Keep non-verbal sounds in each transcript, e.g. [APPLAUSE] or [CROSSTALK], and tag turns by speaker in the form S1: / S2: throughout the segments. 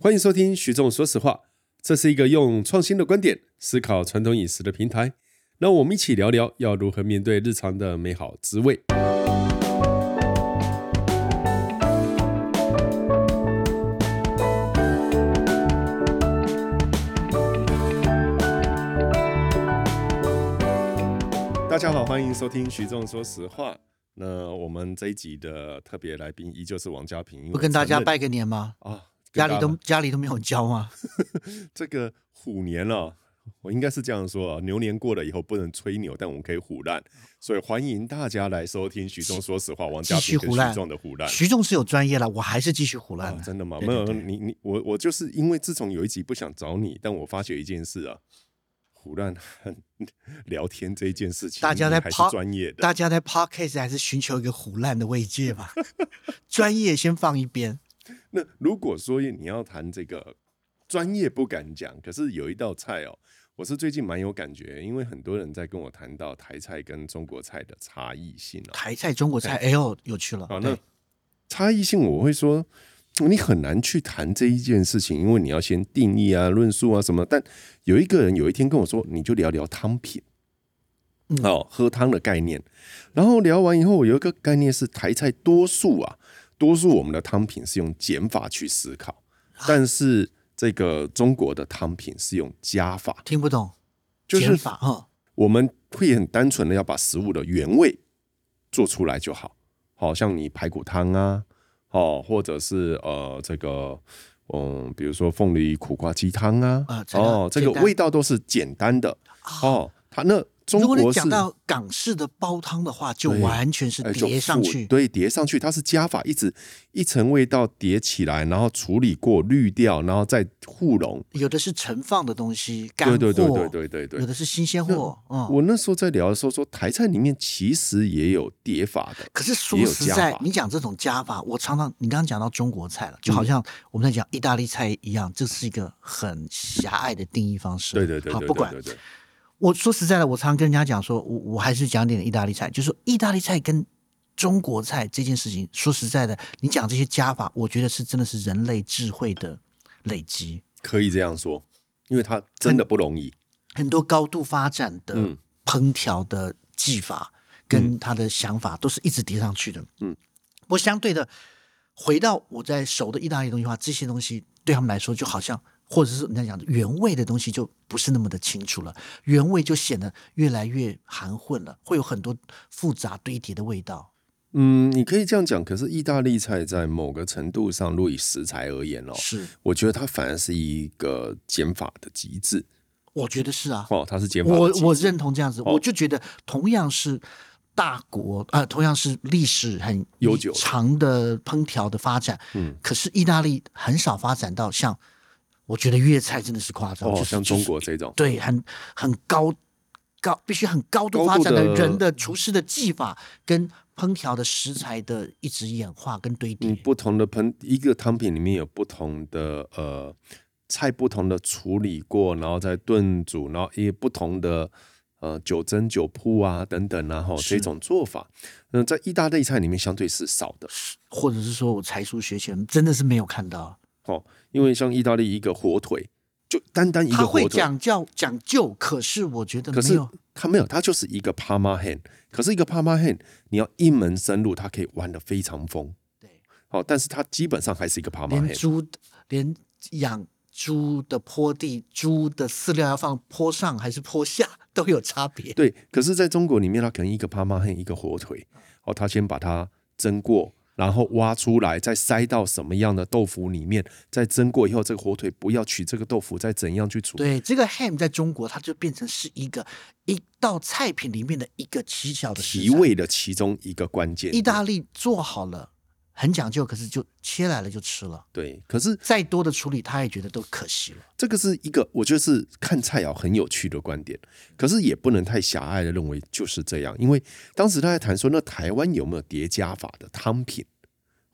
S1: 歡迎收聽徐仲說實話，這是一個用創新的觀點思考傳統飲食的平台。讓我們一起聊聊要如何面對日常的美好滋味。大家好，歡迎收聽徐仲說實話。那我們這一集的特別來賓依舊是王嘉平。不跟大家拜
S2: 個年嗎？啊、哦。家裡都家裡都沒有交嗎？
S1: [LAUGHS] 這個虎年了啊，我應該是這樣說啊。牛年過了以後不能吹牛，但我們可以唬爛，所以歡迎大家來收聽徐仲說實話。王嘉平繼續唬爛。徐
S2: 仲是有專業了，我還是繼續唬爛。哦。真的嗎？沒有
S1: 你你我我就是因為自從有一集不想找你，但我發覺一件事啊，唬爛聊天這一件事情，大家在拍專業的，大家在
S2: 拍 case 還是尋求一個唬爛的慰藉吧，專 [LAUGHS] 業先放一邊。
S1: 如果說你要談這個專業，不敢講。可是有一道菜哦，我是最近蠻有感覺，因為很多人在跟我談到台菜跟中國菜的差異性。哦。台菜、中國菜，哎呦，有趣了。哦，那差異性我會說，你很難去談這一件事情，因為你要先定義啊，論述啊什麼。但有一個人有一天跟我說，你就聊聊湯品，嗯，哦，喝湯的概念。然後聊完以後，我有一個概念是台菜多數啊。多數我們的湯品是用減法去思考，但是這個中國的湯品是用加法。聽不懂，減法啊，我們會很單純的要把食物的原味做出來就好，好像你排骨湯啊，或者是呃這個嗯、呃，比如說鳳梨苦瓜雞湯啊，哦，這個味道都是簡單的哦。啊、那如果你講到
S2: 港式的煲湯的話，就完全是疊上去。
S1: 對，疊上去，它是加法，一直一層味道疊起來，然後處理過、濾掉，然後再互融。
S2: 有的是盛放的東西，乾貨。對對對對對
S1: 對對，有的是新鮮貨。嗯，我那時候在聊的時候說，台菜裡面其實也有疊法的。可是說實在，
S2: 你講這種加法，我常常你剛剛講到中國菜了，就好像我們在講意大利菜一樣，這是一個很狹隘的定義方式。對對對對好，不管。對對對對對我說實在的，我常常跟人家講說，我我還是講點意大利菜，就是說意大利菜跟中國菜這件事情。說實在的，你講這些加法，我覺得是真的是人類智慧的
S1: 累積。可以這樣說，因為它真的不容易。
S2: 很，很多高度發展的烹調的技法跟他的想法，都是一直疊上去的。嗯，不過相對的，回到我在熟的意大利東西話，這些東西對他們來說就好像。或者是人家講的原味的東西就不是那麼的清楚了，原味就顯得越來越含混了，會有很多複雜堆疊的味道。
S1: 嗯，你可以這樣講。可是意大利菜在某個程度上，若以食材而言哦，是，我覺得它反而是一個減法的極致。我覺得是啊。哦，它是減法的機制。我我
S2: 認同這樣子，哦。我就覺得同樣是大國啊，呃，同樣是歷史很悠久長的烹調的發展。嗯，可是意大利很少發展到像。我覺得粵菜真的是誇張，哦、就是、像中國這種，就是、對，很很高高，必須很高度發展的人的廚師的技法的跟烹調的食材的一直演化，跟堆疊。嗯、
S1: 不同的烹一個湯品裡面有不同的呃菜，不同的處理過，然後再燉煮，然後也不同的呃九蒸九曝啊等等啊，然後這種做法，那、呃、在意大利菜裡面相對是少的，
S2: 或者是說我才疏學淺，真的是沒有看到。
S1: 哦，因為像意大利一個火腿，就單單一個火腿，它會講
S2: 究講究。可是我
S1: 覺得，可是它沒有，它就是一個 Parma ham，可是一個 Parma ham，你要一門深入，它可以玩得非常瘋。對，好，但是它基本上還是一個 Parma ham，豬，連
S2: 養豬的坡地，豬的飼料要放坡上還是坡下
S1: 都有差別。對，可是在中國裡面，它可能一個 Parma ham，一個火腿。好，它先把它蒸過。然後挖出來，再塞到什麼樣的豆腐裡面，再蒸過以後，這個火腿不要取這個豆腐，再怎樣去煮？對，
S2: 這個 ham 在中國，它就變成是一個一道菜品裡面的一個起角的提
S1: 味的其中一個關鍵。意
S2: 大利做好了。很講究，可是就切來了就吃了。對，可是再多的處理，他也覺得都可惜了。
S1: 這個是一個，我覺得是看菜肴、啊、很有趣的觀點，可是也不能太狹隘的認為就是這樣。因為當時他在談說，那台灣有沒有疊加法的湯品？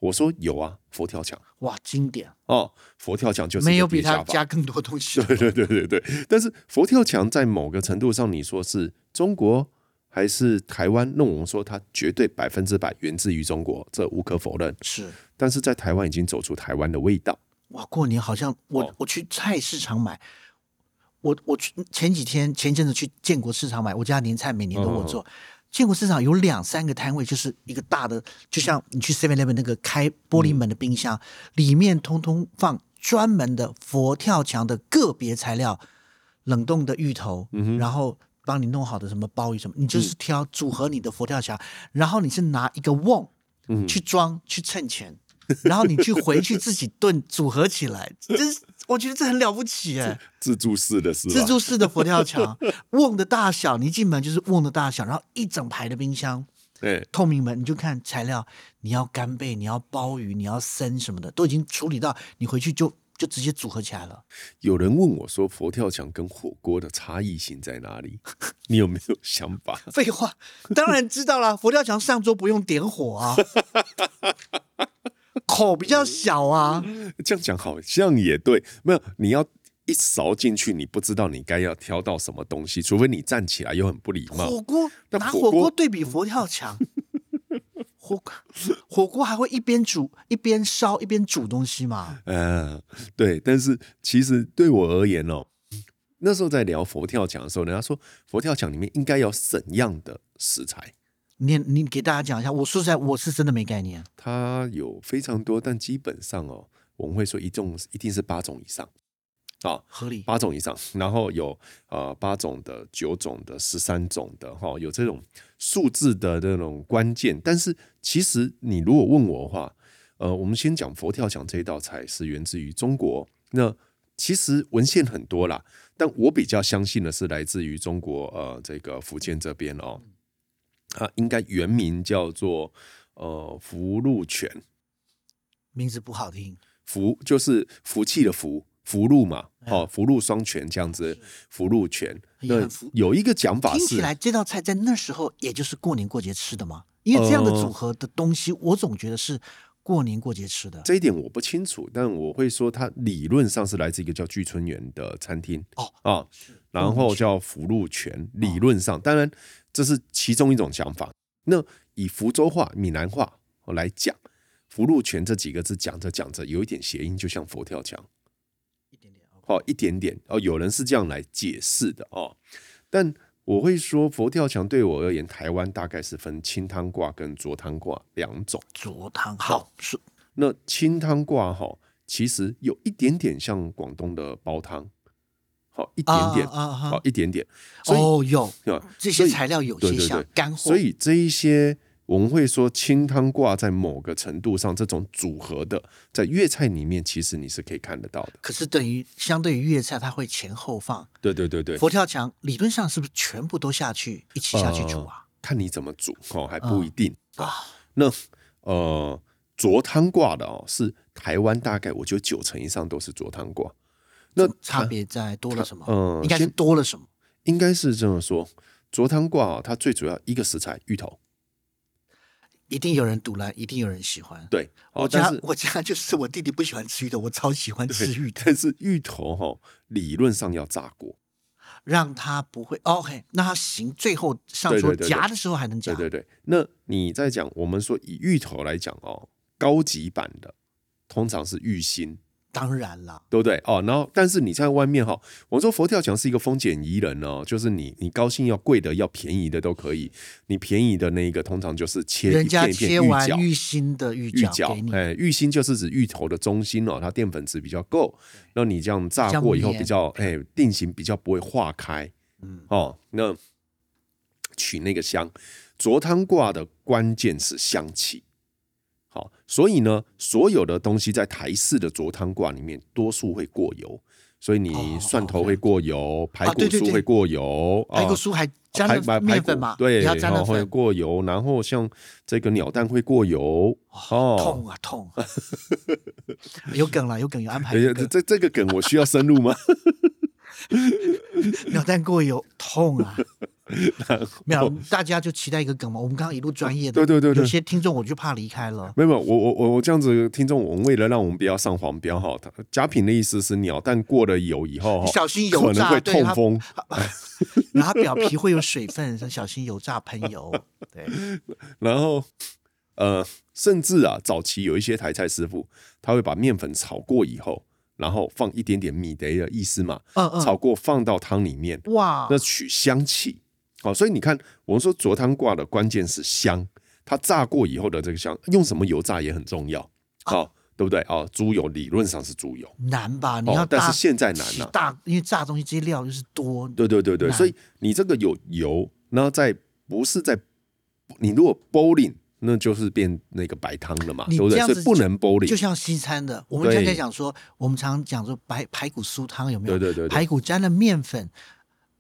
S1: 我說有啊，佛跳牆。
S2: 哇，經典
S1: 哦，佛跳牆就是沒有比它加更多東西,的東西。 [LAUGHS] 對,對對對對對。但是佛跳牆在某個程度上，你說是中國。還是台灣，那我們說它絕對百分之百源自於中國，這無可否認。是，但是在台灣已經走出台灣的味道。
S2: 哇，過年好像我、哦、我去菜市場買，我我去前幾天前一陣子去建國市場買我家年菜，每年都我做。哦、建國市場有兩三個攤位，就是一個大的，就像你去 Seven Eleven 那個開玻璃門的冰箱，嗯、裡面通通放專門的佛跳牆的個別材料，冷凍的芋頭，嗯、然後。幫你弄好的什麼鮑魚什麼，你就是挑組合你的佛跳牆，嗯、然後你是拿一個甕去裝、嗯、去稱錢，然後你去回去自己燉 [LAUGHS] 組合起來，這是我覺得這很了不起誒自，
S1: 自助式的，是自助式的佛跳牆，
S2: 甕 [LAUGHS] 的大小，你一進門就是甕的大小，然後一整排的冰箱，對、欸，透明門你就看材料，你要干貝，你要鮑魚，你要參什麼的，都已經處理到你回去就。
S1: 就直接組合起來了。有人問我說：“佛跳牆跟火鍋的差異性在哪裡？” [LAUGHS] 你有沒有想法？廢話，
S2: 當然知道啦。佛跳牆上桌不用點火啊，
S1: [LAUGHS] 口比較小啊。嗯、這樣講好像也對。沒有，你要一勺進去，你不知道你該要挑到什麼東西，除非你站起來又很不禮貌。火
S2: 鍋拿火鍋對比佛跳牆。火鍋，火鍋還會一邊煮一邊燒一邊煮東西嗎？嗯、
S1: 呃，對。但是其實對我而言哦、喔，那時候在聊佛跳牆的時候，人家說佛跳牆裡面應該有什麼樣的食材？
S2: 你你給大家講一下。我說實在，我是真的沒概念。
S1: 它有非常多，但基本上哦、喔，我們會說一種一定是八種以上。啊，合理，八種以上，然後有呃八種的、九種的、十三種的有這種數字的這種關鍵。但是其實你如果問我的話，呃，我們先講佛跳牆這道菜是源自於中國。那其實文獻很多啦，但我比較相信的是來自於中國呃這個福建這邊哦、喔，它應該原名叫做呃福祿泉，
S2: 名字不好聽，
S1: 福就是福氣的福，福祿嘛。哦，福祿雙全這樣子，福祿全，對，有一個講法是，聽起來
S2: 這道菜在那時候也就是過年過節吃的嘛，因為這樣的組合的東西，嗯、我總覺得是過年過節吃的。
S1: 這一點我不清楚，但我會說它理論上是來自一個叫聚春園的餐廳哦啊、哦，然後叫福祿全，哦、理論上當然這是其中一種講法。那以福州話、閩南話來講，“福祿全”這幾個字講着講着有一點諧音，就像佛跳牆。好一點點哦，有人是這樣來解釋的哦，但我會說佛跳牆對我而言，台灣大概是分清湯掛跟濁湯掛兩種。濁湯好是那清湯掛哈，其實有一點點像廣東的煲湯，好、哦、一點點，好、啊啊啊哦、一點點，所以、哦、有所以這些材料有些像乾貨，所以這一些。我們會說清湯掛在某個程度上，這種組合的在粵菜裡面，其實你是可以看得到的。
S2: 可是，對於相對於粵菜，它會前後放。
S1: 對對對對。佛跳牆
S2: 理論上是不是全部都下去一起下去煮啊？嗯、
S1: 看你怎麼煮哦，還不一定、嗯、啊。那呃，濁湯掛的哦，是台灣大概我覺得九成以上都是濁湯掛。
S2: 那差別在多了什麼？
S1: 嗯，應該是多了什麼？應該是這麼說，濁湯掛啊、哦，它最主要一個食材芋頭。一定有
S2: 人堵愛，一定有人喜歡。
S1: 對，哦、我家是我家就是我弟弟不喜歡吃芋頭，我超喜歡吃芋頭。但是芋頭哈、哦，理論上要炸過，
S2: 讓它不會 OK，那他行，最後上桌夾的時
S1: 候還能夾。對對，對，對，對，對，對，那你在講我們說以芋頭來講哦，高級版的通常是芋心。當然了，對不對？哦，然後但是你在外面哈，我們說佛跳牆是一個豐儉由人哦，就是你你高興要貴的，要便宜的都可以。你便宜的那一個通常就是切一片一片芋角，人家切完芋
S2: 心的芋角,角，
S1: 哎，芋心就是指芋頭的中心哦，它澱粉質比較夠，那你這樣炸過以後比較哎定型比較不會化開，嗯哦，那取那個香，濁湯掛的關鍵是香氣。好，所以呢，所有的東西在台式的濁湯罐裡面，多數會過油，所以你蒜頭會過油，oh, okay. 排骨酥會過油，排骨酥還加那、啊、排骨麵粉嘛？對，然後、哦、會過油，然後像這個鳥蛋會過油、oh, 哦，痛啊痛 [LAUGHS] [LAUGHS] 有梗
S2: 啦，有梗了，有梗有安排， [LAUGHS]
S1: 這這個梗我需要深入嗎？ [LAUGHS] [LAUGHS]
S2: 鳥 [LAUGHS] 蛋過油痛啊！
S1: 沒有，
S2: 大家就期待一個梗嘛。我們剛剛一路專業的，啊、對,對對對，有些聽眾我就怕離開了。
S1: 沒有，我我我我這樣子聽眾，我們為了讓我們不要上黃標哈。嘉平的意思是鳥蛋過了油以後，小心油炸會痛風，
S2: 對，然後表皮會有水分， [LAUGHS] 小心油炸噴油。對，
S1: 然後呃，甚至啊，早期有一些台菜師傅，他會把麵粉炒過以後。然後放一點點米的意思嘛、嗯，嗯、炒過放到湯裡面，哇，那取香氣。好，所以你看，我們說做湯掛的關鍵是香，它炸過以後的這個香，用什麼油炸也很重要、哦、好、啊、對不對啊、哦？豬油理論上是豬油，
S2: 難吧？你要、哦、但是現在難了、啊，大因為炸東西這些料就是多，對對對對，所以
S1: 你這個有油，然後在不是在你如果 bowling 那就是變那個白湯了嘛，你這樣子，對不對？是不能剝離，就
S2: 像西餐的，我們剛才講說，我們常講說白排骨酥湯有沒有？對，對對對，排骨沾了麵粉，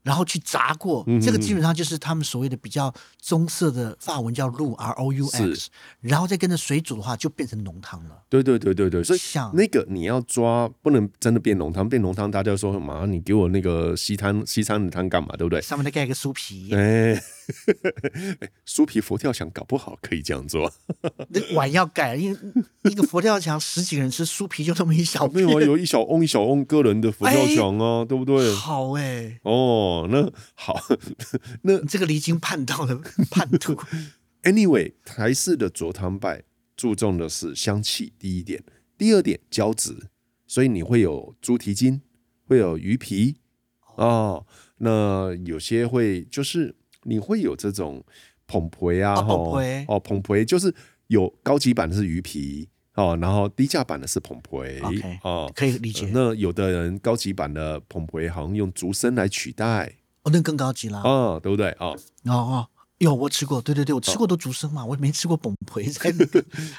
S2: 然後去炸過、嗯，這個基本上就是他們所謂的比較棕色的法文叫 roux R-O-U-X 然後再跟着水煮的話，就變成濃湯了。
S1: 對對對對對，所以那個你要抓，不能真的變濃湯，變濃湯大家說嘛，你給我那個西餐西餐的湯幹嘛？對不對？上面再蓋個酥皮。對、欸。 [LAUGHS] 酥皮佛跳牆搞不好可以這樣做
S2: [LAUGHS] 那碗要改，因為一個佛跳牆十幾個人吃，酥皮就那麼一小。那我有，有
S1: 一小甕一小甕個人的佛跳牆啊、欸，對不對？好哎、欸，哦，那好，那這
S2: 個離經叛道的叛徒。
S1: [LAUGHS] Anyway，台式的濁湯派注重的是香氣，第一點，第二點膠質，所以你會有豬蹄筋，會有魚皮哦、哦。那有些會就是。你會有這種膨皮啊，膨皮哦，膨皮、哦、就是有高級版的是魚皮哦，然後低價版的是膨皮，okay, 哦。可以理解、呃。那有的人高級版的膨皮好像用竹笙來取代，
S2: 哦、oh,，那更高級啦，啊、
S1: 哦，對不對？哦
S2: 哦，有、oh, oh, 我吃過，對對對，我吃過都竹笙嘛、哦，我也沒吃過膨皮。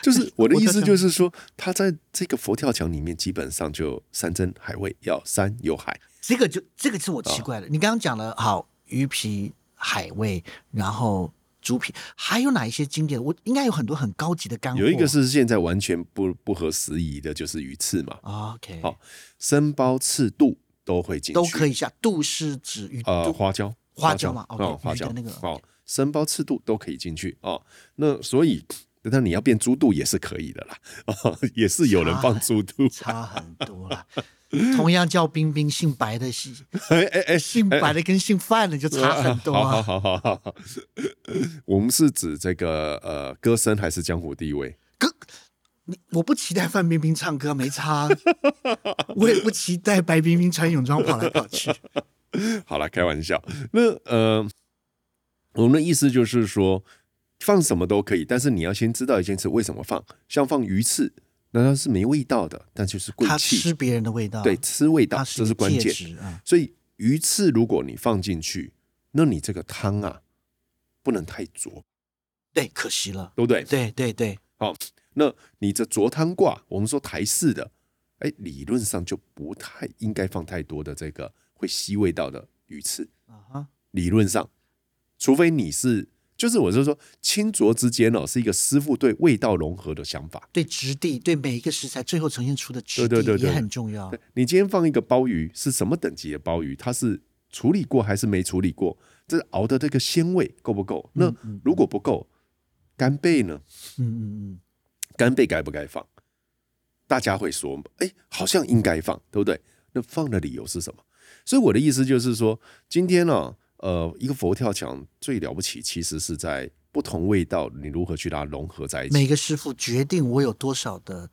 S1: 就是我的意思就是說，它在這個佛跳牆裡面基本上就山珍海味，要山有海。
S2: 這個就這個是我奇怪的，哦、你剛剛講的好魚皮。海味，然後豬皮，還有哪一些經典？我應該有很多很高級的乾貨。有一個是
S1: 現在完全不不合時宜的，就是魚翅嘛。OK，好，參鮑翅肚都會進去，都可以下。
S2: 肚是指魚呃花
S1: 膠花膠嘛哦，對，花膠,花膠,花膠 okay,、嗯、的那個好，參、okay. 鮑翅肚都可以進去哦，那所以。但你要變豬肚也是可以的啦、哦，也是有人放豬肚、啊，差很多
S2: 啦。 [LAUGHS] 同樣叫冰冰，姓白的戲，哎哎姓白的跟姓范的就差很多、啊。欸欸欸欸欸、好好好好
S1: 好，我們是指這個呃，歌聲還是江湖地位？歌，
S2: 我不期待范冰冰唱歌沒差、啊，我也不期待白冰冰穿泳裝跑來跑
S1: 去。 [LAUGHS] 好了，開玩笑。那呃，我們的意思就是說。放什麼都可以，但是你要先知道一件事：為什麼放？像放魚翅，那它是沒味道的，但就是貴氣。
S2: 吃別人的味道，對，
S1: 吃味道，是這是關鍵。啊。所以魚翅如果你放進去，那你這個湯啊，不能太濁。對，可惜了，對不對？對對對。好，那你這濁湯掛，我們說台式的，哎，理論上就不太應該放太多的這個會吸味道的魚翅。啊哈，理論上，除非你是。就是，我是說，清濁之間哦，是一個師傅對味道融合的想法，
S2: 對質地，對每一個食材最後呈現出的質地也很重要。
S1: 你今天放一個鮑魚，是什麼等級的鮑魚？它是處理過還是沒處理過？這熬的這個鮮味夠不夠？那如果不夠，干貝呢？嗯嗯嗯，干貝該不該放？大家會說嘛？哎，好像應該放，對不對？那放的理由是什麼？所以我的意思就是說，今天呢、啊。呃，一個佛跳牆最了不起，其實是在不同味道，你如何去把它融合在一起。每
S2: 個師傅決定我有多少的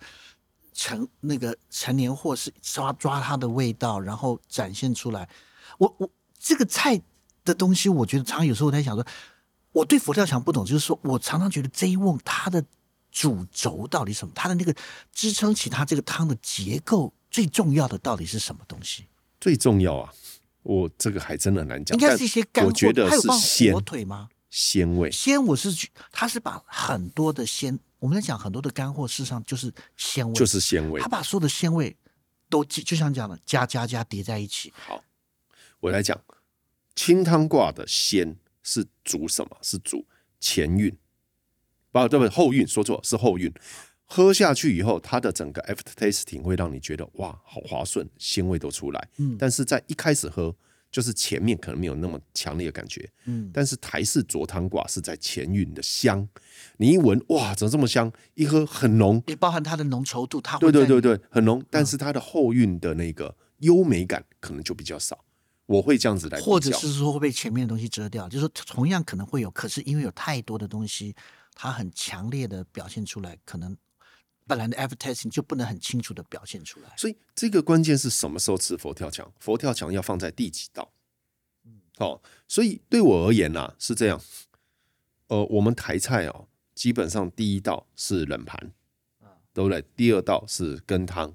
S2: 成那個成年或是抓抓它的味道，然後展現出來。我我這個菜的東西，我覺得常常有時候我在想說，我對佛跳牆不懂，就是說我常常覺得這一碗，它的主軸到底什麼，它的那個支撐起它這個湯的結構最重要的
S1: 到底是什麼東西？最重要啊。我、哦、這個還真的難講，應該是一些乾貨。我覺得是火腿嗎？鮮味，
S2: 鮮。我是去，他是把很多的鮮，我們在講很多的乾貨，事實上，就是鮮味，就是鮮味。他把所有的鮮味都就像講的加加加疊在一起。好，
S1: 我來講清湯掛的鮮是煮什麼？是煮前韻，不，對不對？後韻說錯，是後韻喝下去以後，它的整個 aftertasting 會讓你覺得哇，好滑順，鮮味都出來。嗯，但是在一開始喝，就是前面可能沒有那麼強烈的感覺。嗯，但是台式濁湯掛是在前韻的香，你一聞哇，怎麼這麼香？一喝很濃，
S2: 也包含它的濃稠度。它對對對
S1: 對，很濃、嗯，但是它的後韻的那個優美感可能就比較少。我會這樣子來，或者是
S2: 說會被前面的東西遮掉，就是說同樣可能會有，可是因為有太多的東西，它很強烈的表現出來，可能。的 a v e r t i n 就不能很清楚的表現出來，
S1: 所以這個關鍵是什麼時候吃佛跳牆？佛跳牆要放在第幾道、嗯哦？所以對我而言啊，是這樣，呃，我們台菜哦，基本上第一道是冷盤、嗯，對不對？第二道是羹湯，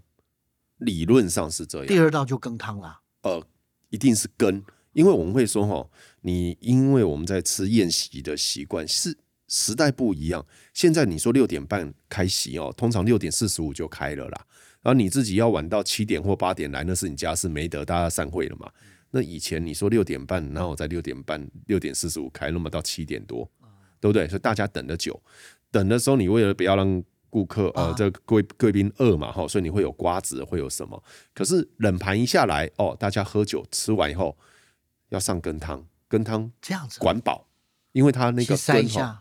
S1: 理論上是這樣，第二
S2: 道就羹湯啦，
S1: 呃，一定是羹，因為我們會說哈、哦，你因為我們在吃宴席的習慣是。時代不一樣，現在你說六點半開席哦、喔，通常六點四十五就開了啦。然後你自己要晚到七點或八點來，那是你家事沒得，大家散會了嘛。那以前你說六點半，然後在六點半六點四十五開，那麼到七點多，對不對？所以大家等得久，等的時候你為了不要讓顧客呃這貴貴賓餓嘛哈，所以你會有瓜子會有什麼？可是冷盤一下來哦、喔，大家喝酒吃完以後要上羹湯，羹湯這樣子管飽，因為他那個。喔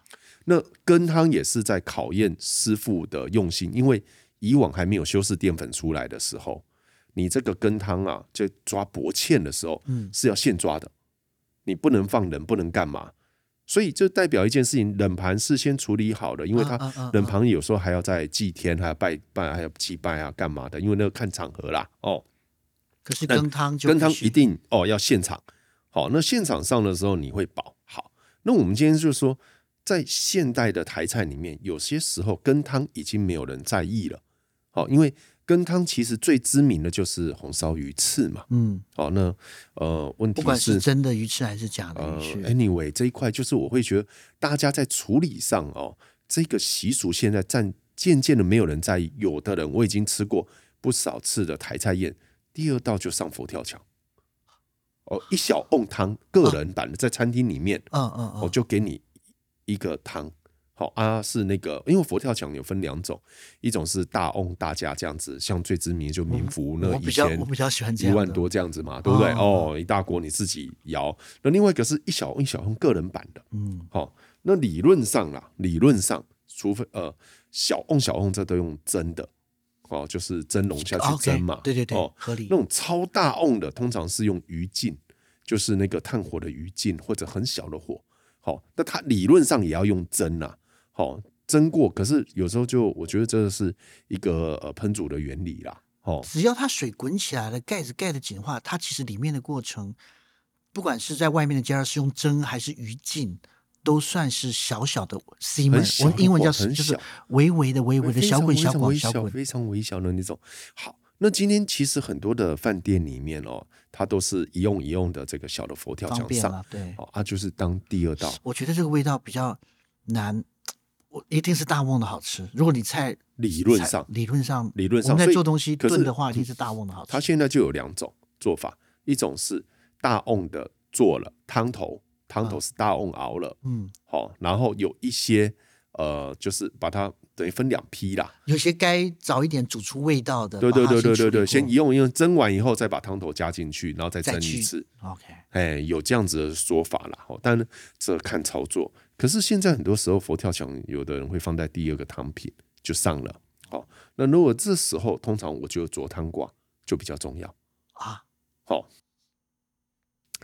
S1: 那羹湯也是在考驗師傅的用心，因為以往還沒有修飾澱粉出來的時候，你這個羹湯啊，就抓薄芡的時候，嗯，是要現抓的，你不能放冷，不能幹嘛？所以這代表一件事情，冷盤事先處理好了，因為它冷盤有時候還要在祭天，還要拜拜，還要祭拜啊，幹嘛的？因為那個看場合啦，哦，可是羹湯就羹湯一定哦要現場，好，那現場上的時候你會保好，那我們今天就是說。在現代的台菜裡面，有些時候羹湯已經沒有人在意了，因為羹湯其實最知名的就是紅燒魚翅嘛，嗯，好、哦，那呃，問題是，不管是真的魚翅還是假的魚翅，呃？Anyway，這一塊就是我會覺得大家在處理上哦，這個習俗現在漸漸漸的沒有人在意。有的人我已經吃過不少次的台菜宴，第二道就上佛跳牆，哦，一小甕湯，個人版的在餐廳裡面，嗯嗯嗯，就給你。一個湯，好啊，是那個，因為佛跳牆有分兩種，一種是大瓮大家這樣子，像最知名就民福、嗯、那以前，我比較喜歡一萬多這樣子嘛，對不對？哦，一大鍋你自己舀、哦。那另外一個是一小甕一小甕個人版的，嗯，好、哦，那理論上啦，理論上，除非呃小瓮小瓮，這都用蒸的，哦，就是蒸籠下去蒸嘛，哦、okay, 對對對，哦、合理。那種超大瓮的，通常是用餘燼，就是那個炭火的餘燼，或者很小的火。好，那它理論上也要用蒸吶、啊，好蒸過。可是有時候就我覺得這是一個呃烹煮的原理啦。只要它水滾起
S2: 來了，蓋子蓋的緊的話，它其實裡面的過程，不管是在外面的加熱是用蒸還是餘燼，都算是小小的 simmer，小的英文叫就是微微的微微的小滾小滾小滾，
S1: 非常微小的那種。好。那今天其實很多的飯店裡面哦，它都是一用一用的這個小的佛跳牆上，方便了，對，它、哦啊、就是當第二道。
S2: 我覺得這個味道比較難，我一定是大瓮的好吃。如果你菜理論上，
S1: 理論上，理論上，在做東西燉的話，一定
S2: 是大瓮的好吃的。它、嗯、
S1: 現在就有兩種做法，一種是大瓮的做了湯頭，湯頭是大瓮熬了，嗯，好、哦，然後有一些呃，就是把它。等於分兩批啦，
S2: 有些該早一點煮出味道的，對對對對對對，對，先，先用
S1: 一用用蒸完以後再把湯頭加進去，然後再蒸一次。OK，hey, 有這樣子的說法了哈，但這看操作。可是現在很多時候佛跳牆，有的人會放在第二個湯品就上了。好、哦哦，那如果這時候通常我就做濁湯就比較重要啊，好、哦，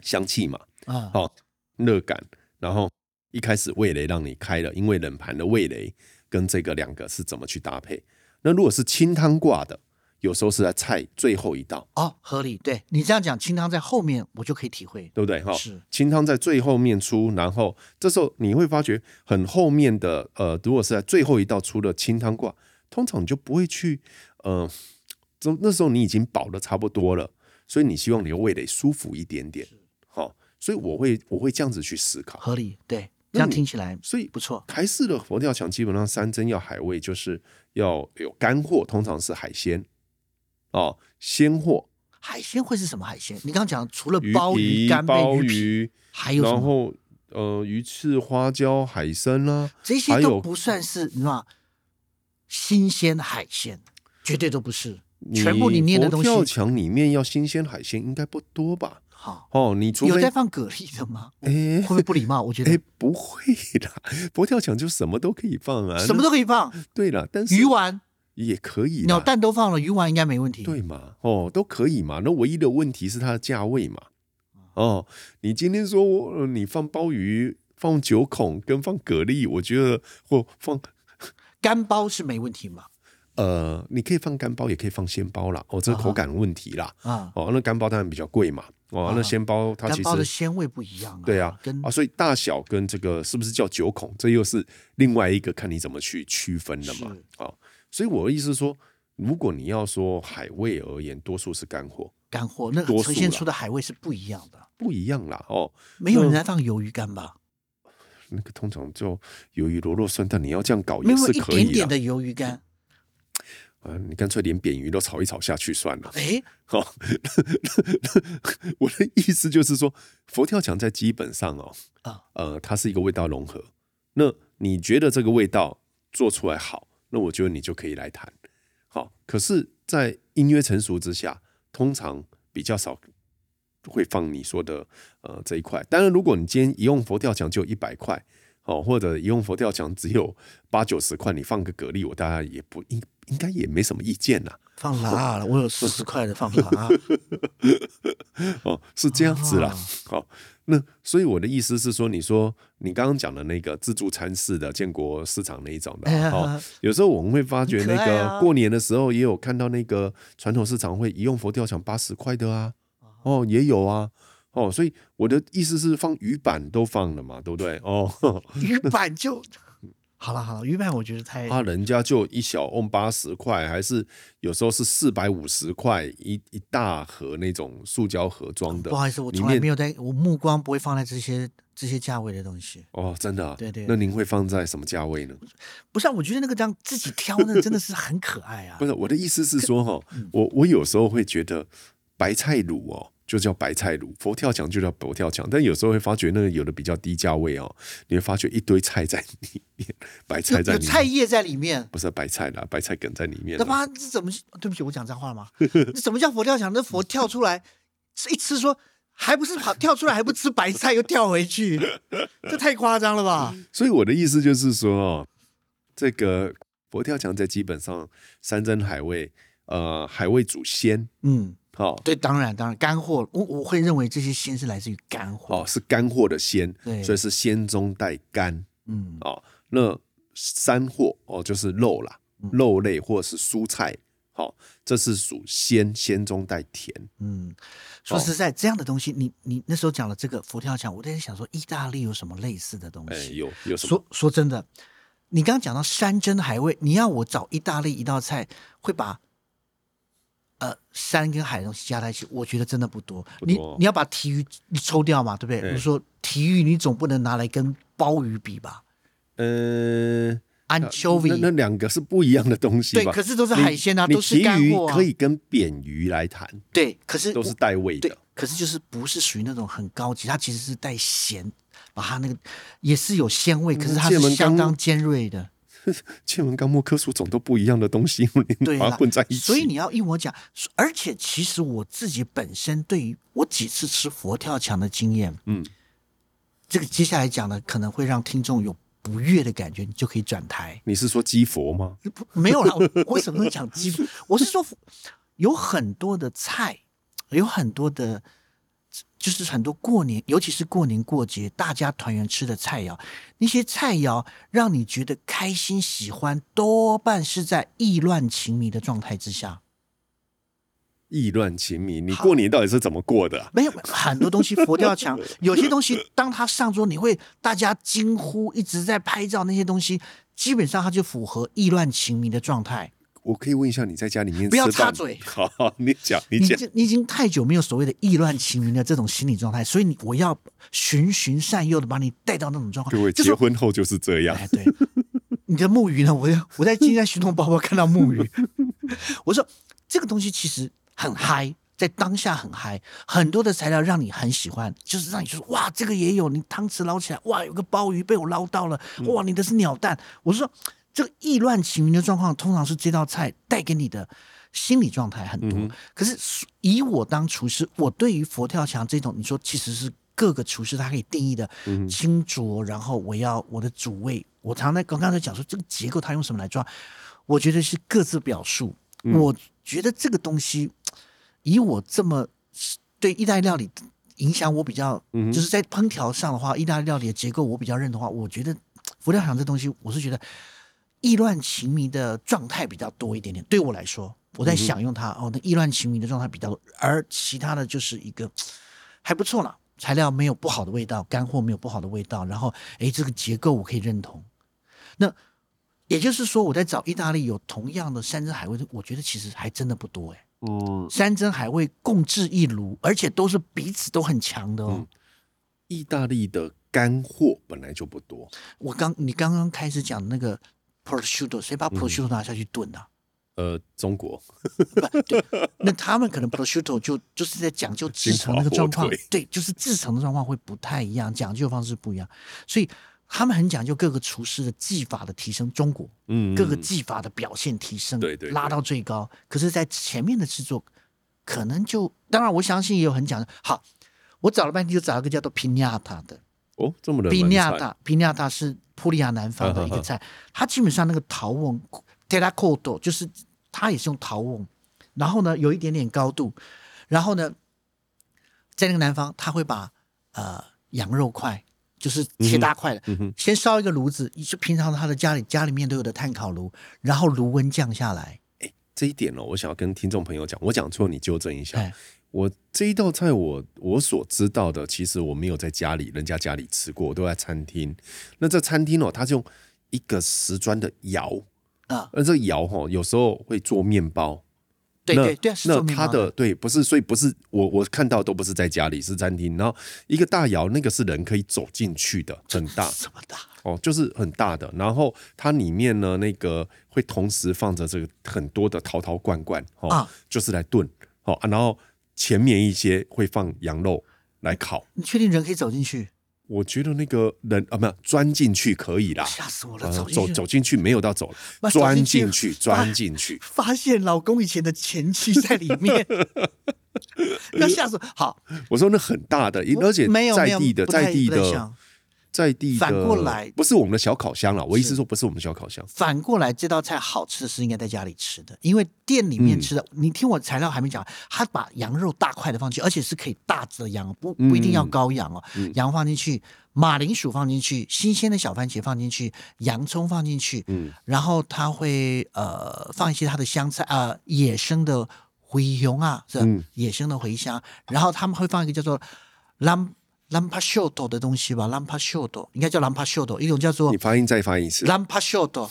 S1: 香氣嘛，啊，好、哦，熱感，然後一開始味蕾讓你開了，因為冷盤的味蕾。跟這個兩個是怎麼去搭配？那如果是清湯派的，有時候是在菜最後一道
S2: 哦，合理，對。你這樣講，清湯在後面，我就可以體會，
S1: 對不對？哈，是清湯在最後面出，然後這時候你會發覺，很後面的呃，如果是在最後一道出的清湯派，通常你就不會去呃，那時候你已經飽的差不多了，所以你希望你的胃得舒服一點點，好，哦，所以我會我會這樣子去思考，合理，對。這樣聽起來，嗯，所以不錯。台式的佛跳牆基本上三珍要海味，就是要有乾貨，通常是海鮮哦，啊，鮮貨。
S2: 海鮮會是什麼海鮮？你剛剛講除了鮑魚，鮑魚乾鮑魚，
S1: 鮑魚，還有什麼然後？呃，魚翅、花椒、海參啦，啊，這些都不
S2: 算是什麼新鮮海鮮，絕對都不是。全部你念的東西，佛跳牆
S1: 裡面要新鮮海鮮應該不多吧？好哦，你，你有在放
S2: 蛤蜊的嗎？
S1: 欸、會不會不禮貌？我覺得哎、欸，不會的，佛跳牆就什麼都可以放啊，什麼都可以放。對了，但是魚丸也可以，鳥蛋都放了，魚丸應該沒問題，對嘛，哦，都可以嘛。那唯一的問題是它的價位嘛、嗯。哦，你今天說你放鮑魚，放九孔跟放蛤蜊，我覺得或、哦、放乾鮑是沒問題嘛。呃，你可以放乾鮑，也可以放鮮鮑啦。哦，這個口感問題啦。啊。哦，那乾鮑當然比較貴嘛。啊、哦，那鮮鮑它其實。乾鮑的鮮
S2: 味不一樣
S1: 啊。對啊。跟。啊，所以大小跟這個是不是叫九孔？這又是另外一個看你怎麼去區分的嘛。啊、哦，所以我的意思是說，如果你要說海味而言，多數是乾貨。乾貨那個、呈現出的
S2: 海味是不一樣
S1: 的。不一樣啦，哦，沒有人來放魷魚乾吧？那個通常就魷魚螺肉蒜的，你要這樣搞也是可以。一點點
S2: 的魷魚，魚乾。
S1: 啊，你乾脆連扁魚都炒一炒下去算了，欸。好， [LAUGHS] 我的意思就是說，佛跳牆在基本上哦，呃，它是一個味道融合。那你覺得這個味道做出來好，那我覺得你就可以來談。好，可是，在音樂成熟之下，通常比較少會放你說的呃這一塊。當然，如果你今天一用佛跳牆就一百塊。哦，或者一用佛跳牆只有八九十塊，你放個蛤蜊，我大家也不應應該也沒什麼意見吶。
S2: 放辣、啊、我有四十塊的
S1: 放辣、啊。 [LAUGHS] 哦，是這樣子啦。啊、好，那所以我的意思是說，你說你剛剛講的那個自助餐式的建國市場那一種的、欸啊，好，有時候我們會發覺那個過年的時候也有看到那個傳統市場會一用佛跳牆八十塊的啊，哦，也有啊。哦，所以我的意思是放魚板都放了嘛，對不對？哦， [LAUGHS]
S2: 魚板就好了，好了好，魚板我覺得太……啊，
S1: 人家就一小甕八十塊，還是有時候是四百五十塊一一大盒那種塑膠盒裝的。嗯、不好意思，我從來沒有
S2: 在我目光不會放在這些這些價位的東西。
S1: 哦，真的啊？對對，對。那您會放在什麼價位呢？
S2: 不是、啊，我覺得那個這樣自己挑那真的是很可愛啊。
S1: [LAUGHS] 不是，我的意思是說哈、 [LAUGHS] 嗯，我我有時候會覺得白菜滷哦。就叫白菜滷，佛跳牆就叫佛跳牆，但有時候會發覺，那個有的比較低價位哦，你會發覺一堆菜在裡面，白菜在，有有菜
S2: 葉在裡面，
S1: 不是白菜啦，白菜梗在裡面。那麼
S2: 這怎麼？對不起，我講髒話了嗎？這怎麼叫佛跳牆？那佛跳出來， [LAUGHS] 一吃說，還不是跑跳出來，還不吃白菜又跳回去， [LAUGHS] 這太誇張了吧？
S1: 所以我的意思就是說，哦，這個佛跳牆在基本上山珍海味，呃，海味祖先。嗯。好、哦，
S2: 對，當然，當然，乾貨，我我會認為這些鮮是來自於乾
S1: 貨，哦，是乾貨的鮮，對，所以是鮮中帶乾，嗯，啊、哦，那山貨哦，就是肉啦，肉類或是蔬菜、嗯哦，這是屬鮮，鮮中帶甜，嗯，說實
S2: 在、哦，這樣的東西，你你那時候講了這個佛跳牆，我在想說，意大利有什麼類似的東西？呃、
S1: 有，有什麼？說
S2: 說真的，你剛剛講到山珍海味，你要我找意大利一道菜，會把。呃，山跟海東西加在一起，我覺得真的不多。不多，你你要把鯷魚你抽掉嘛，對不對？我、嗯、說鯷魚你總不能拿來跟鮑魚比吧？
S1: 呃，Anchovy，那那兩個是不一樣的東西吧？對，可是都是海鮮啊，都是魚。可以跟扁魚來談。對，可是都是帶味的。
S2: 可是就是不是屬於那種很高級，它其實是帶鹹，把、啊、它那個也是有鮮味，可是它是相當尖銳的。
S1: 《界門綱目科屬種都不一樣的東西，你把它混在一起。所
S2: 以你要依我講，而且其實我自己本身對於我幾次吃佛跳牆的經驗，嗯，這個接下來講的可能會讓聽眾有不悅的感覺，你就可以轉台。
S1: 你是說激佛嗎？
S2: 沒有啦，我為什麼會講激佛？ [LAUGHS] 我是說有很多的菜，有很多的。就是很多過年，尤其是過年過節，大家團圓吃的菜餚，那些菜餚讓你覺得開心、喜歡，多半是在意亂情迷的狀態之下。
S1: 意亂情迷，你過年到底是怎麼過的啊？沒有很多東西，佛跳牆 [LAUGHS] 有些
S2: 東西，當他上桌，你會大家驚呼，一直在拍照，那些東西基本上它就符合意亂情迷的狀態。
S1: 我可以問一下，你在家裡面不要插嘴。好，你講，你講
S2: [LAUGHS] 你已經，太久沒有所謂的意亂情迷的這種心理狀態，所以你我要循循善誘的把你帶到那種狀態。各位、就是，結婚
S1: 後就是這樣。哎， [LAUGHS] 對。
S2: 你的木魚呢？我，我在金山尋動包包看到木魚。 [LAUGHS] 我說這個東西其實很嗨，在當下很嗨，很多的材料讓你很喜歡，就是讓你說哇，這個也有。你湯匙撈起來，哇，有個鮑魚被我撈到了。哇，你的是鳥蛋。嗯、我說。這個意亂情迷的狀況，通常是這道菜帶給你的心理狀態很多、嗯。可是以我當廚師，我對於佛跳牆這種，你說其實是各個廚師他可以定義的、嗯、清濁，然後我要我的主味。我常在我剛剛才講說，這個結構它用什麼來裝？我覺得是各自表述、嗯。我覺得這個東西，以我這麼對意大利料理影響我比較、嗯，就是在烹調上的話，意大利料理的結構我比較認同的話，我覺得佛跳牆這東西，我是覺得。意亂情迷的狀態比較多一點點，對我來說，我在享用它哦。那意亂情迷的狀態比較多，而其他的就是一個還不錯了。材料沒有不好的味道，乾貨沒有不好的味道，然後誒，這個結構我可以認同。那也就是說，我在找意大利有同樣的山珍海味，我覺得其實還真的不多誒、欸。
S1: 嗯，山
S2: 珍海味共冶一爐，而且都是彼此都很強的哦、嗯。意大利的乾貨本來就不多。我剛你剛剛開始講的那個。Prosciutto 誰把 Prosciutto 拿下去燉呢、啊嗯？呃，中國， [LAUGHS] 不，那他們可能 Prosciutto 就就是在講究製成那個狀況，對，就是製成的狀況會不太一樣，講究方式不一樣，所以他們很講究各個廚師的技法的提升。中國，嗯，各個技法的表現提升，對、嗯、對，拉到最高。對對對可是，在前面的制作，可能就當然，我相信也有很講究。好，我找了半天就找一個叫做 pignata 的，哦，這麼 pignata，pignata 是。普利亞南方的一個菜，啊、呵呵，它基本上那個陶甕 terracotta 就是它也是用陶甕，然後呢有一點點高度，然後呢在那個南方他會把呃羊肉塊就是
S1: 切大塊的，嗯嗯、
S2: 先燒一個爐子，就平常他的家裡家裡面都有的炭烤爐，然後爐溫降下來。哎、欸，
S1: 這一點呢、哦，我想要跟聽眾朋友講，我講錯你糾正一下。欸我這一道菜我，我我所知道的，其實我沒有在家裡人家家裡吃過，我都在餐廳。那這餐廳哦、喔，它是用一個石磚的窯啊。那這個窯哈，有時候會做麵包。對對對，那，對是那它的對不是，所以不是我我看到都不是在家裡是餐廳。然後一個大窯，那個是人可以走進去的，很大，什麼大哦、喔，就是很大的。然後它裡面呢，那個會同時放着這個很多的陶陶罐罐啊，就是來燉哦、喔啊，然後。前面一些會放羊肉來烤，你確
S2: 定人可以走進去？
S1: 我覺得那個人啊，沒有鑽進去可以啦。嚇死我了！走進去了，走，走進去沒有到走，走進去，鑽進去鑽進去，
S2: 發現老公以前的前妻在裡面，
S1: [LAUGHS] 要嚇死我！好，我說那很大的，而且沒有在地的在地的。在地反過來不是我們的小烤箱了。我意思說，不是我們的小烤箱。
S2: 反過來，這道菜好吃的是應該在家裡吃的，因為店裡面吃的。嗯、你聽我材料還沒講，他把羊肉大塊的放進去，而且是可以大隻的羊，不、嗯、不一定要羔羊哦。嗯、羊放進去，馬鈴薯放進去，新鮮的小番茄放進去，洋蔥放進去，嗯，然後他會呃放一些他的香菜啊、呃，野生的茴香啊，是吧、嗯、野生的茴香，然後他們會放一個叫做 Lampasciotto 的東西吧。Lampasciotto
S1: 應該叫 Lampasciotto，一種叫做，你發音，再發音一次。
S2: Lampasciotto，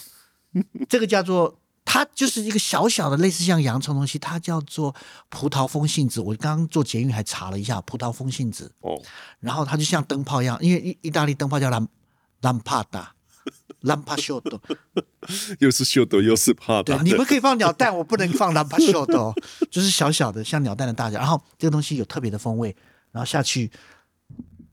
S2: [LAUGHS] 這個叫做，它就是一個小小的類似像洋蔥東西，它叫做葡萄風信子。我剛剛坐捷運還查了一下，葡萄風信子哦，oh. 然後它就像燈泡一樣，因為意意大利燈泡叫藍藍帕達 Lampasciotto，
S1: 又是秀豆又是帕達，對啊，你們可以
S2: 放鳥蛋，我不能放 Lampasciotto，就是小小的像鳥蛋的大小，然後這個東西有特別的風味，然後下去。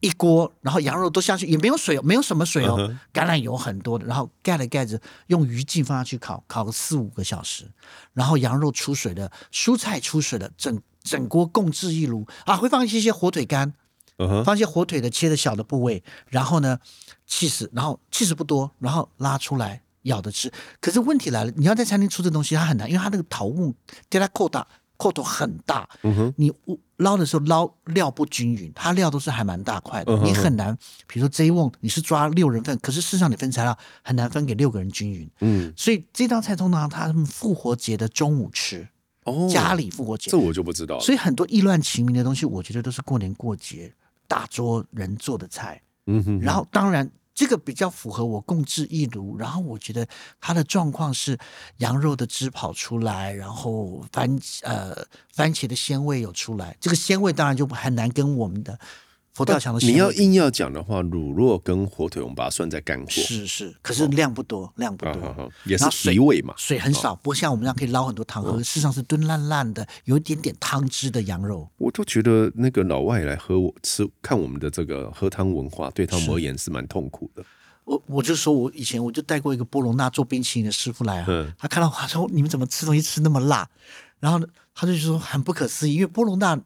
S2: 一鍋，然後羊肉都下去，也沒有水，哦，沒有什麼水哦，uh -huh. 橄欖油很多的，然後蓋了蓋子，用餘燼放下去烤，烤個四五個小時，然後羊肉出水的，蔬菜出水的，整整鍋共制一爐啊，會放一些火腿乾，uh -huh. 放一些火腿的切的小的部位，然後呢，起司，然後起司不多，然後拉出來咬着吃，可是問題來了，你要在餐廳出這東西，它很難，因為它那個陶甕對它擴大，跨、uh、度 -huh. 很大，嗯你撈的時候撈料不均勻，它料都是還蠻大塊的，嗯、你很難，譬、嗯、如說雞甕，你是抓六人份，可是事實上你分材料很難分給六個人均勻。嗯，所以這道菜通常他們復活節的中午吃，哦，家裡復活節，這我就
S1: 不知道。所以很
S2: 多意亂情迷的東西，我覺得都是過年過節大桌人做的菜。嗯
S1: 哼、哼，然後
S2: 當然。這個比較符合我共治一爐，然後我覺得它的狀況是羊肉的汁跑出來，然後番茄呃番茄的鮮味有出來，這個鮮味當然就很難跟我們的。牆的。你要
S1: 硬要講的話，乳酪跟火腿，我們把它算在乾貨。是是，可是量不多，哦、量不多，啊啊啊、也是水味嘛水，水很少、啊，
S2: 不像我們這樣可以撈很多湯喝。事實上是燉爛爛的、嗯，有一點點湯汁的羊肉。
S1: 我都覺得那個老外來喝我吃看我們的這個喝湯文化，對他們而言是蠻痛苦的。
S2: 我我就說我以前我就帶過一個波隆納做冰淇淋的師傅來啊、嗯，他看到我說你們怎麼吃東西吃那麼辣？然後他就說很不可思議，因為波隆納。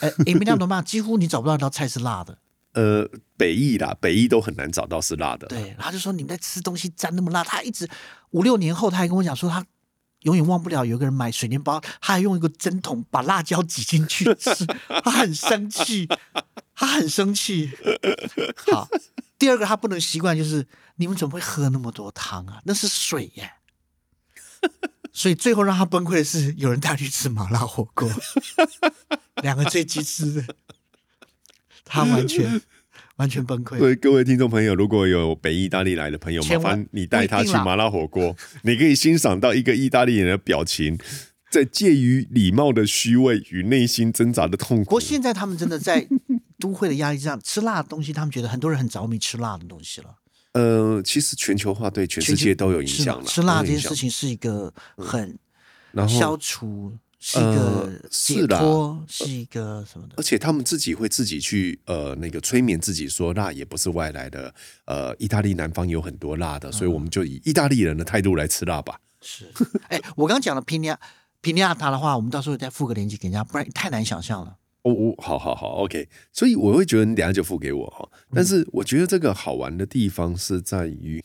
S2: 哎，也沒幾乎你找不到一道菜是辣的。
S1: 呃，北義啦，北義都很難找到是辣的。對，
S2: 然後就說你們在吃東西沾那麼辣，他一直五六年後他還跟我講說，他永遠忘不了有個人買水煎包，他還用一個針筒把辣椒擠進去吃，他很生氣，他很生氣。好，第二個他不能習慣就是你們怎麼會喝那麼多湯啊？那是水耶、啊。所以最後讓他崩潰的是有人帶他去吃麻辣火鍋。兩個最機智的，
S1: 他完全
S2: 完全崩潰。對，
S1: 對各位聽眾朋友，如果有北意大利來的朋友，麻煩你帶他去麻辣火鍋，你可以欣賞到一個意大利人的表情，在介於禮貌的虛偽與內心掙扎的痛苦。不過現在他們真的在
S2: 都會的壓力下 [LAUGHS] 吃辣的東西，他們覺得很多人很着迷吃辣的東西了。
S1: 呃，其實全球化對全世界都有影響了。吃辣這件事情
S2: 是一個很
S1: 消除。是一個的、呃。是一個什麼的？而且他們自己會自己去呃，那個催眠自己說辣也不是外來的，呃，意大利南方有很多辣的，嗯、所以我們就以意大利人的態度來吃辣吧。
S2: 是，哎，我剛講的的 [LAUGHS] 我剛講了 pignata、pignata 的話，我們到時候再付個鏈接給人家，不然太難想象
S1: 了。哦，哦，好好好，OK。所以我會覺得你等下就付給我哈，但是我覺得這個好玩的地方是在於。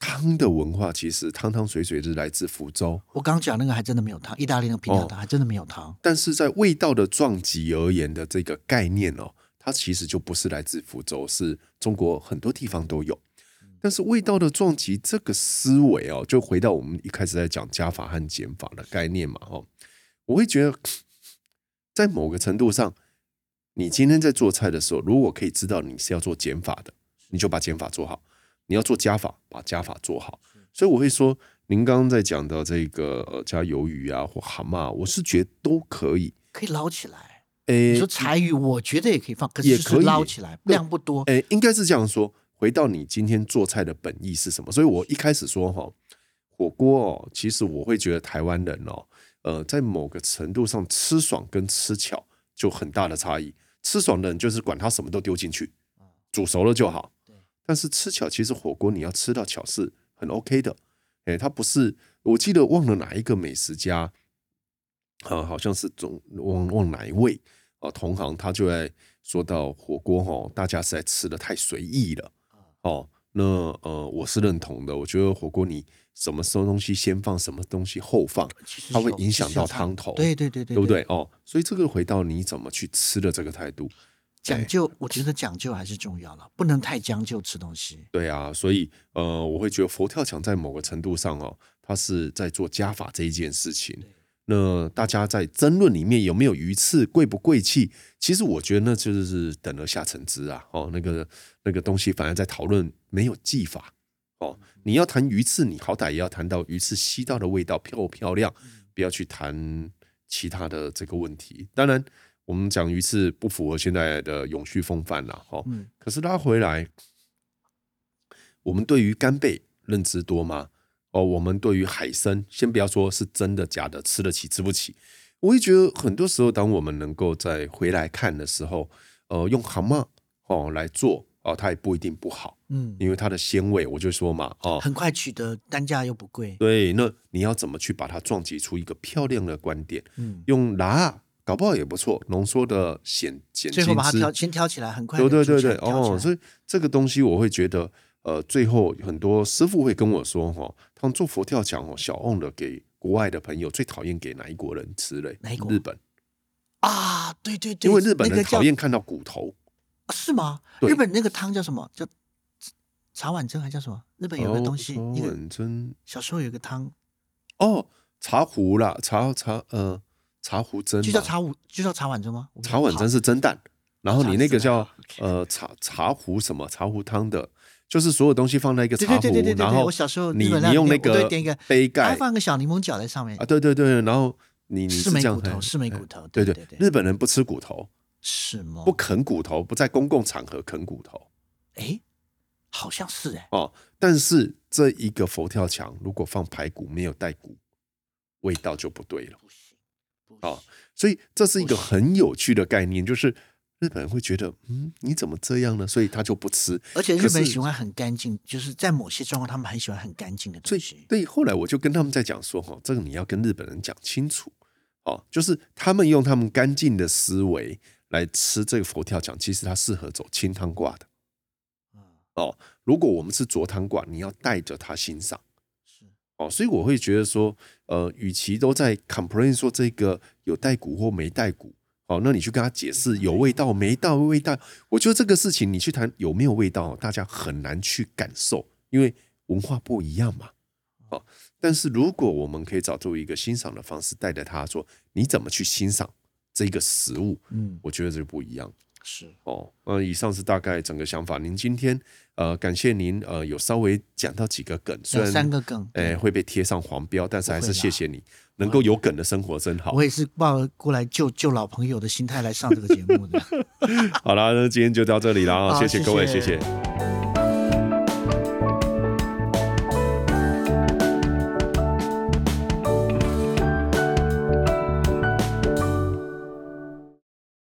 S1: 湯的文化其實，湯湯水水是來自福州。
S2: 我剛剛講那個還真的沒有湯，意大利的 pignata 湯還真的沒有湯。
S1: 但是在味道的撞擊而言的這個概念哦，它其實就不是來自福州，是中國很多地方都有。但是味道的撞擊這個思維哦，就回到我們一開始在講加法和減法的概念嘛，哦，我會覺得，在某個程度上，你今天在做菜的時候，如果可以知道你是要做減法的，你就把減法做好，你要做加法，把加法做好，所以我會說，您剛剛在講到這個加魷魚啊或蛤蟆，我是覺得都可以，可以撈起來。誒、欸，你說柴魚，我覺得也可以放，可是可以撈起來，量不多。誒、欸，應該是這樣說。回到你今天做菜的本意是什麼？所以我一開始說哈，火鍋哦，其實我會覺得台灣人哦，呃，在某個程度上吃爽跟吃巧就很大的差異。吃爽的人就是管他什麼都丟進去，煮熟了就好。但是吃巧其實火鍋你要吃到巧是很 OK 的。哎、欸，它不是，我記得忘了哪一個美食家，呃，好像是總忘忘哪一位啊、呃，同行，他就在說到火鍋哦，大家實在吃得太隨意了，哦，那呃，我是認同的，我覺得火鍋你什麼什麼東西先放，什麼東西後放，它會影響到湯頭，對對對對，對，對不對？哦，所以這個回到你怎麼去吃的這個態度。
S2: 講究，我覺得講究還是重要了，不能太將就吃東西。
S1: 對啊，所以呃，我會覺得佛跳牆在某個程度上哦，它是在做加法這一件事情。那大家在爭論裡面有沒有魚翅貴不貴氣，其實我覺得那就是等而下之啊哦，那個那個東西反而在討論沒有技法哦。你要談魚翅，你好歹也要談到魚翅吸到的味道漂不漂亮，不要去談其他的這個問題。當然。我們講魚翅不符合現在的永續風範啦，哈。可是拉回來，我們對於乾貝認知多嗎？哦、呃，我們對於海參，先不要說是真的假的，吃得起吃不起。我也覺得很多時候，當我們能夠再回來看的時候，呃，用蛤蟆，哦、呃、來做哦、呃，它也不一定不好。嗯，因為它的鮮味，我就說嘛，哦、呃，很快
S2: 取得，單價又不貴。
S1: 對，那你要怎麼去把它撞擊出一個漂亮的觀點？嗯，用拉。搞不好也不錯，濃縮的減減，最後把它挑，
S2: 先挑，先，挑先挑起來，很快。對對
S1: 對，對,對哦，所以這個東西我會覺得，呃，最後很多師傅會跟我說，哈、哦，他們做佛跳牆，哦，小甕的給國外的朋友，最討厭給哪一國人吃嘞？哪一國？日本。
S2: 啊，對對對。因為日本人討厭
S1: 看到骨頭。
S2: 啊、是嗎？日本那個湯叫什麼？叫茶碗蒸還叫什麼？日本有個東西，一個。茶碗蒸。小時候有個湯。
S1: 哦，茶壺啦，茶茶，嗯、呃。茶壺蒸就叫茶
S2: 壺，就叫茶碗蒸嗎？
S1: 茶碗蒸是蒸蛋，然後你那個叫茶呃茶茶壺什麼茶壺湯的，就是所有東西放在一個茶壺。對對對對，對，對，對，對。然後對對對對對對我小時候，你用那個杯蓋，放
S2: 個小檸檬角在上面。
S1: 啊，對對對。然後你，你是沒骨頭，是沒骨頭。對對對對。日本人不吃骨頭，是嗎？不啃骨頭，不在公共場合啃骨頭。
S2: 哎，好像是哎、欸。
S1: 哦，但是這一個佛跳牆，如果放排骨沒有帶骨，味道就不對了。啊、哦，所以這是一個很有趣的概念，就是日本人會覺得，嗯，你怎麼這樣呢？所以他就不吃，而且日本人喜
S2: 歡很乾淨，就是在某些狀況，他們很喜歡很乾淨的
S1: 東西。對，對後來我就跟他們在講說、哦，這個你要跟日本人講清楚，啊、哦，就是他們用他們乾淨的思維來吃這個佛跳牆，其實它適合走清湯掛的，啊，哦，如果我們是濁湯掛，你要帶着他欣賞，是，哦，所以我會覺得說。呃，與其都在 complain 說這個有帶骨或沒帶骨，哦，好，那你去跟他解釋有味道沒到味道，我覺得這個事情你去談有沒有味道，大家很難去感受，因為文化不一樣嘛，好，哦，但是如果我們可以找出一個欣賞的方式，帶着他說你怎麼去欣賞這個食物，嗯，我覺得這不一樣，嗯、是哦，那以上是大概整個想法，您今天。呃，感謝您，呃，有稍微講到幾個梗，雖然三個梗，哎、欸，會被貼上黃標，但是還是謝謝你能夠有梗的生活真好。
S2: 我也是抱過來救救老朋友的心態來上這個節目的。
S1: [LAUGHS] 好啦，那今天就到這裡了啊，謝謝各位，謝謝。謝謝。